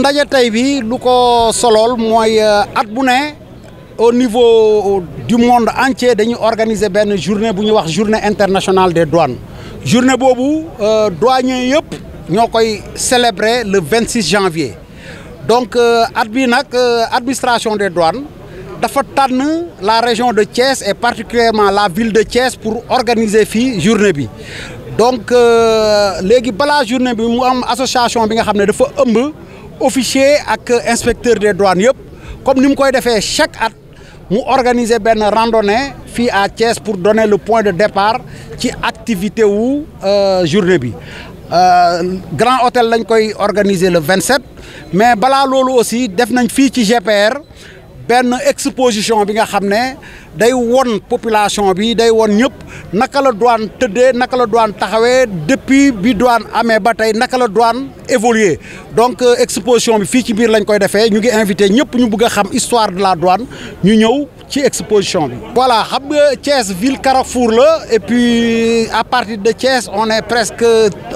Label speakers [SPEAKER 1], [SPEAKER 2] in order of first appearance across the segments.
[SPEAKER 1] ndaje tey bi lu ko solool mooy euh, at bu ne au niveau du monde entier dañuy organiser benn journée bu ñuy wax journée internationale des douanes journée boobu euh, douaniers yëpp ñoo koy célébrer le 26 janvier donc euh, at bi nag administration des douanes dafa tànn la région de Thiès et particulièrement la ville de Thiès pour organiser fii journée bi donc léegi balaa journée bi mu am association bi nga xam ne dafa ëmb officier ak inspecteur des douanes yëpp comme ni mu koy defee chaque at mu organiser benn randonnée fii à Thiès pour donner le point de départ ci activité wu euh, journée bi euh, Grand Hôtel lañ koy organiser le vingt 27 mais balaa loolu aussi def nañ fii ci GPR. benn exposition bi nga xam ne day won population bi day won ñëpp naka la douane tëddee naka la douane taxawee depuis bi douane amee ba tey naka la douane évoluer donc euh, exposition bi fii ci biir lañ koy defee ñu ngi inviter ñëpp ñu bugg xam histoire de la douane ñu ñëw ci exposition bi. voilà xam nga ville ville Carrefour la et puis euh, à partir de Thiès on est presque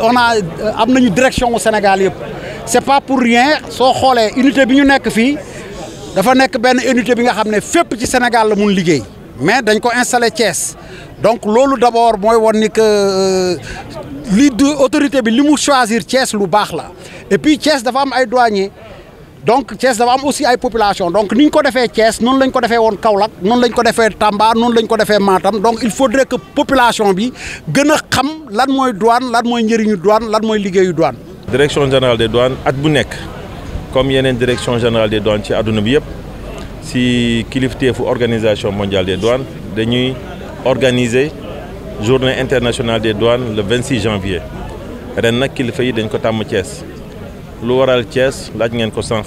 [SPEAKER 1] on a euh, am nañu direction Sénégal yëpp c'est pas pour rien soo xoolee unité bi ñu nekk fii. dafa nekk benn unité bi nga xam ne fépp ci Sénégal la mun liggéey mais dañ ko installé Thiès donc loolu d' abord mooy woon ni que euh, li du autorité bi li mu choisir Thiès lu baax la et puis Thiès dafa am ay douaniers donc Thiès dafa am aussi ay population donc ni ñu ko defee Thiès noonu lañ ko defee woon Kaolack noonu lañ ko defee Tamba noonu lañ ko defee Matam donc il faut que population bi gën a xam lan mooy douane lan mooy njëriñu douane lan mooy liggéeyu douane.
[SPEAKER 2] direction générale des douanes at bu nekk. comme yeneen direction générale des douanes ci àdduna bi yëpp si kilifteefu organisation mondiale des douanes dañuy organiser journée internationale des douanes le 26 janvier ren nag kilifa yi dañ ko tàmm Thiès lu waral Thiès laaj ngeen ko sànq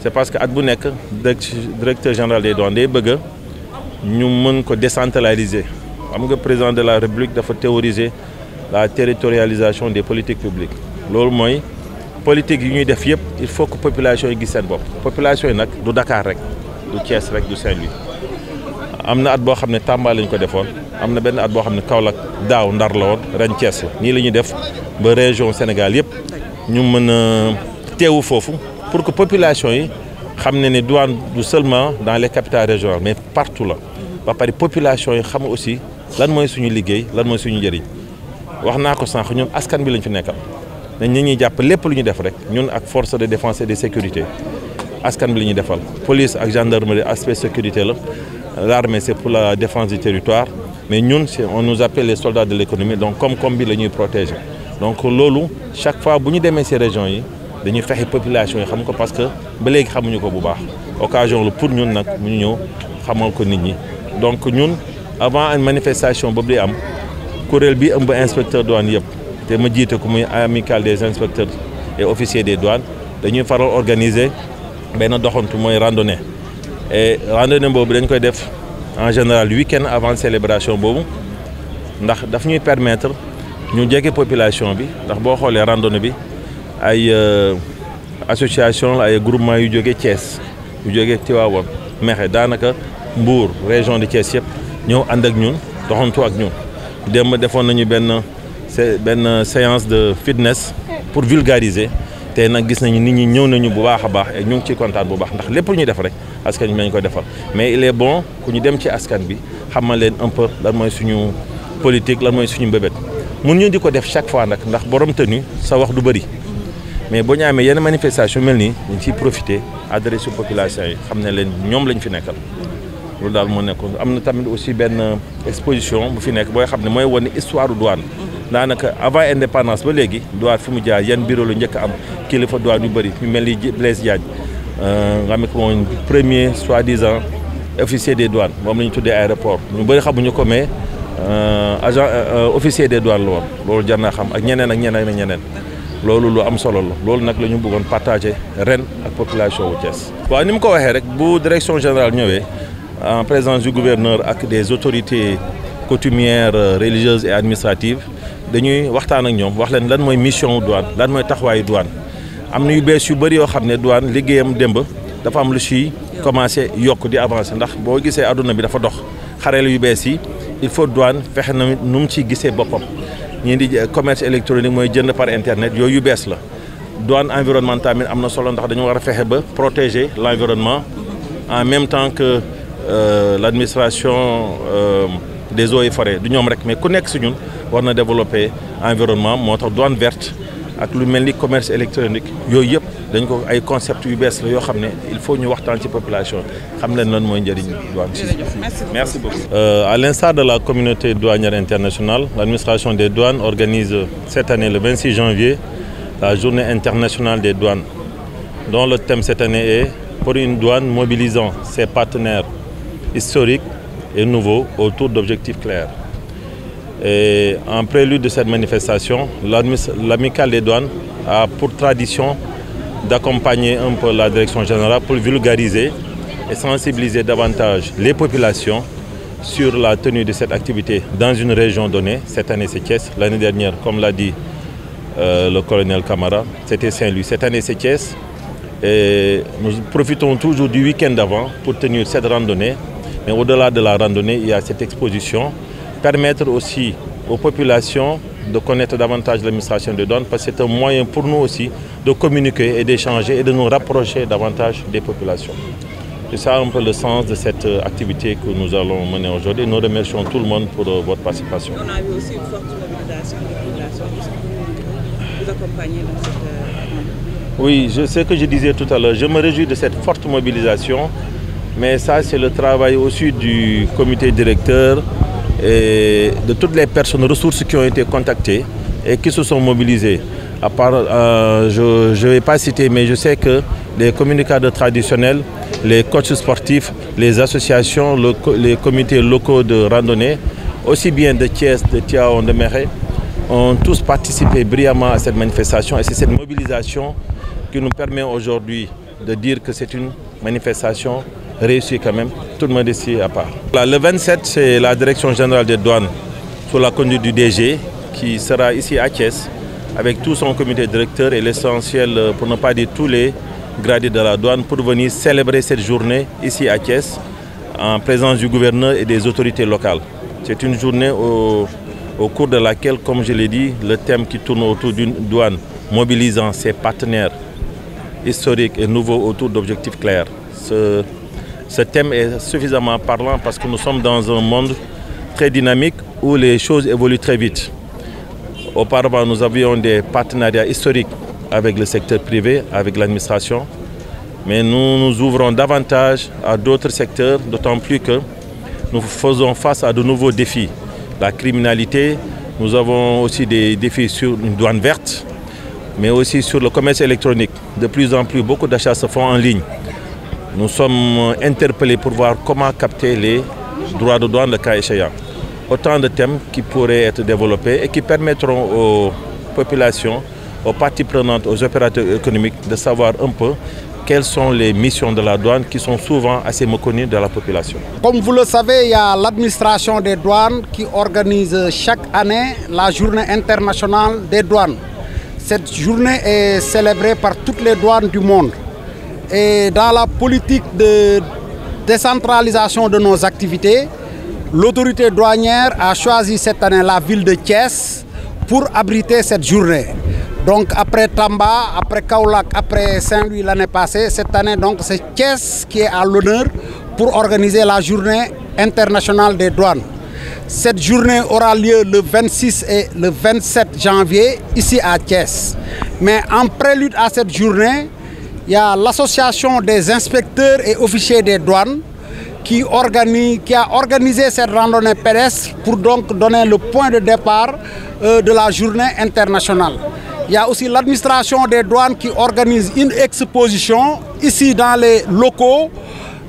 [SPEAKER 2] c'est parce que at bu nekk directeur général des douanes day bëgg ñu mën ko décentraliser am nga président de la république dafa théoriser la territorialisation des politiques publiques loolu mooy politique yi ñuy def yëpp il faut que population yi gis seen bopp population yi nag du Dakar rek du Thiès rek du seen louis am na at boo xam ne Tamba lañ ko defoon am na benn at boo xam ne Kaolack daaw Ndar la woon ren Thiès la nii la ñuy def ba région Sénégal yëpp ñu mën a teewu foofu pour que population yi xam ne ne douane du seulement dans les capitales régionales mais partout la ba pare population yi xam aussi lan mooy suñu liggéey lan mooy suñu njëriñ wax naa ko sànq ñun askan bi lañ fi nekkal. dañ ñu ñuy jàpp lépp lu ñu def rek ñun ak force de défense et de sécurité askan bi la ñuy defal police ak gendarmerie aspe sécurité la l'armée c'est pour la défense du territoire mais ñun on nous appelle les soldats de l'économie donc comme comme bi la ñuy protéger donc loolu chaque fois bu ñu demee si région yi dañuy fexe population yi xam ko parce que ba léegi xamuñu ko bu baax occasion la pour ñun nag mu ñu ñëw xamal ko nit ñi donc ñun avant une manifestation boobu di am kuréel bi ëmb inspecteur douane yëpp te ma jiite ko muy amicale des inspecteurs et officiers des douanes dañuy faral organiser benn doxantu mooy randonnée e randonnée boobu dañ koy def en général week-end avant célébration boobu ndax daf ñuy permettre ñu jege population bi ndax boo xoolee randonnée bi ay euh, association ay groupement yu jóge Thiès yu jóge Tivaouane Mexe daanaka Mbour région de Thiès yëpp ñëw ànd ak ñun doxantu ak ñun démb defoon nañu benn. c'est benn séance de fitness pour vulgariser te nag gis nañu nit ñi ñëw nañu bu baax a baax et ñu ngi ciy kontaan bu baax ndax lépp lu ñuy def rek askan bi nañ ko defal mais il est ku ñu dem ci askan bi xam xamal leen un peu lan mooy suñu politique lan mooy suñu mbébét mu ñu di ko def chaque fois nag ndax borom tenu sa wax du bëri mais boo ñu amee yenn manifestation mel nii ñu ciy profité su population yi xam ne leen ñoom lañ fi nekkal loolu daal moo nekkoon am na tamit aussi benn exposition bu fi nekk booy xam ne mooy wane histoire douane daanaka avant indépendance ba léegi duwaat fi mu jaar yan bureau la njëkk am kilifa duwaat yu bëri ñu mel ni Blaise Diagne euh, nga xam ne mooy premier soi-disant officier des douanes moom la ñu tuddee aéroport ñu bëri xamuñu ko mais euh, agent euh, officier des douanes la woon loolu jar xam ak ñeneen ak ñeneen ak ñeneen loolu lu am solo la loolu nag la ñu bëggoon partager ren ak population wu Thiès. waaw ni mu ko waxee rek bu direction général ñëwee en présence du gouverneur ak des autorités coutumières religieuses et administratives. dañuy waxtaan ak ñoom wax leen lan mooy mission douane lan mooy taxawaayu douane am na yu bees yu bëri yoo xam ne douane liggéeyam démb dafa am lu siy commencé yokk di avancé ndax boo gisee àdduna bi dafa dox xarale yu bees yi il faut douane fexe na nu mu ciy gisee boppam ñii di commerce électronique mooy jënd par internet yooyu yu bees la douane environnement tamit am na solo ndax dañu war a fexe ba protéger l' environnement en même temps que euh, l'administration euh, des eaux et forêts du ñoom rek mais ku nekk si ñun war na développer environnement moo tax douane verte ak lu mel ni commerce électronique yooyu yëpp dañ ko ay concept yu bees la yoo xam ne il faut ñu waxtaan ci population xam leen lan mooy njariñ douane si merci beaucoup euh, à l'instar de la communauté douanière internationale l'administration des douanes organise cette année le 26 janvier la journée internationale des douanes dont le thème cette année est pour une douane mobilisant ses partenaires historiques et nouveaux autour d'objectifs clairs. Et en prélude de cette manifestation, la des douanes a pour tradition d'accompagner un peu la direction générale pour vulgariser et sensibiliser davantage les populations sur la tenue de cette activité dans une région donnée. Cette année, c'est Thiès. L'année dernière, comme l'a dit euh, le colonel Camara, c'était Saint-Louis. Cette année, c'est Thiès. Et nous profitons toujours du week-end d'avant pour tenir cette randonnée Mais au-delà de la randonnée, il y a cette exposition. Permettre aussi aux populations de connaître davantage l'administration de données parce que c'est un moyen pour nous aussi de communiquer et d'échanger et de nous rapprocher davantage des populations. C'est ça un peu le sens de cette euh, activité que nous allons mener aujourd'hui. Nous remercions tout le monde pour euh, votre participation. On a eu aussi une forte mobilisation des
[SPEAKER 1] populations. Est-ce que vous accompagnez dans cette... Euh,
[SPEAKER 2] oui, je sais que je disais tout à l'heure, je me réjouis de cette forte mobilisation Mais ça, c'est le travail aussi du comité directeur et de toutes les personnes ressources qui ont été contactées et qui se sont mobilisées. À part, euh, je ne vais pas citer, mais je sais que les communicateurs traditionnels, les coachs sportifs, les associations, le, les comités locaux de randonnée, aussi bien de Thiès, de Tiaon, de Méré, ont tous participé brillamment à cette manifestation et c'est cette mobilisation qui nous permet aujourd'hui de dire que c'est une manifestation réussi quand même, toute modestie à part. le 27, c'est la direction générale des douanes, sous la conduite du DG, qui sera ici à Thiès, son comité directeur et l'essentiel, euh, pour ne pas dire tous les gradés de la douane, pour venir célébrer cette journée ici à Thiès, en présence gouverneur et des autorités locales. C'est une journée au, au cours de laquelle, comme je l'ai le thème qui tourne autour d'une douane mobilisant ses partenaires historiques et nouveaux autour d'objectifs clairs. ce thème est suffisamment parlant parce que nous sommes dans un monde très dynamique où les choses évoluent très vite. Auparavant, nous avions des partenariats historiques avec le secteur privé, avec l'administration, mais nous nous ouvrons davantage à d'autres secteurs, d'autant plus que nous faisons face à de nouveaux défis. La criminalité, nous avons aussi des défis sur une douane verte, mais aussi sur le commerce électronique. De plus en plus, beaucoup d'achats se font Nous sommes euh, interpellés pour voir comment capter les droits de douane, le cas échéant. Autant de thèmes qui pourraient être développés et qui permettront aux populations, aux parties prenantes, aux opérateurs économiques de savoir un peu quelles sont les missions de la douane qui sont souvent assez méconnues de la population.
[SPEAKER 1] Comme vous le savez, il y a l'administration des douanes qui organise chaque année la journée internationale des douanes. Cette journée est célébrée par toutes les douanes du monde. et dans la politique de décentralisation de nos activités, l'autorité douanière a choisi cette année la ville de Thiès pour abriter cette journée. Donc après Tamba, après Kaolack, après Saint-Louis l'année passée, cette année donc c'est Thiès qui est à l'honneur pour organiser la journée internationale des douanes. Cette journée aura lieu le 26 et le 27 janvier ici à Thiès. Mais en prélude à cette journée, Il y a l'association des inspecteurs et officiers des douanes qui, organise, qui a organisé cette randonnée pédestre pour donc donner le point de départ euh, de la journée internationale. Il y a aussi l'administration des douanes qui organise une exposition ici dans les locaux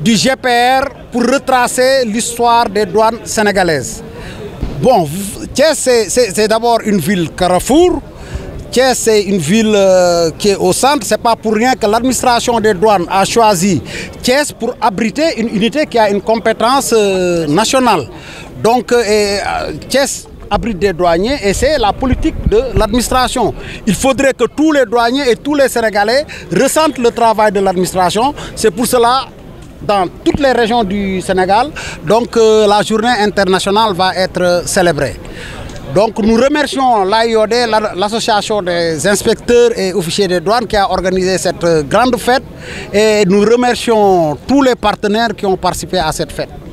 [SPEAKER 1] du GPR pour retracer l'histoire des douanes sénégalaises. Bon, Thiès, c'est d'abord une ville carrefour, Thiès, c'est une ville euh, qui est au centre. C'est pas pour rien que l'administration des douanes a choisi Thiès pour abriter une unité qui a une compétence euh, nationale. Donc, euh, et, euh, Thiès abrite des douaniers et c'est la politique de l'administration. Il faudrait que tous les douaniers et tous les Sénégalais ressentent le travail de l'administration. C'est pour cela dans toutes les régions du Sénégal. Donc la journée internationale va être célébrée. Donc nous remercions l'AIOD, l'association des inspecteurs et officiers des douanes qui a organisé cette euh, grande fête et nous remercions tous les partenaires qui ont participé à cette fête.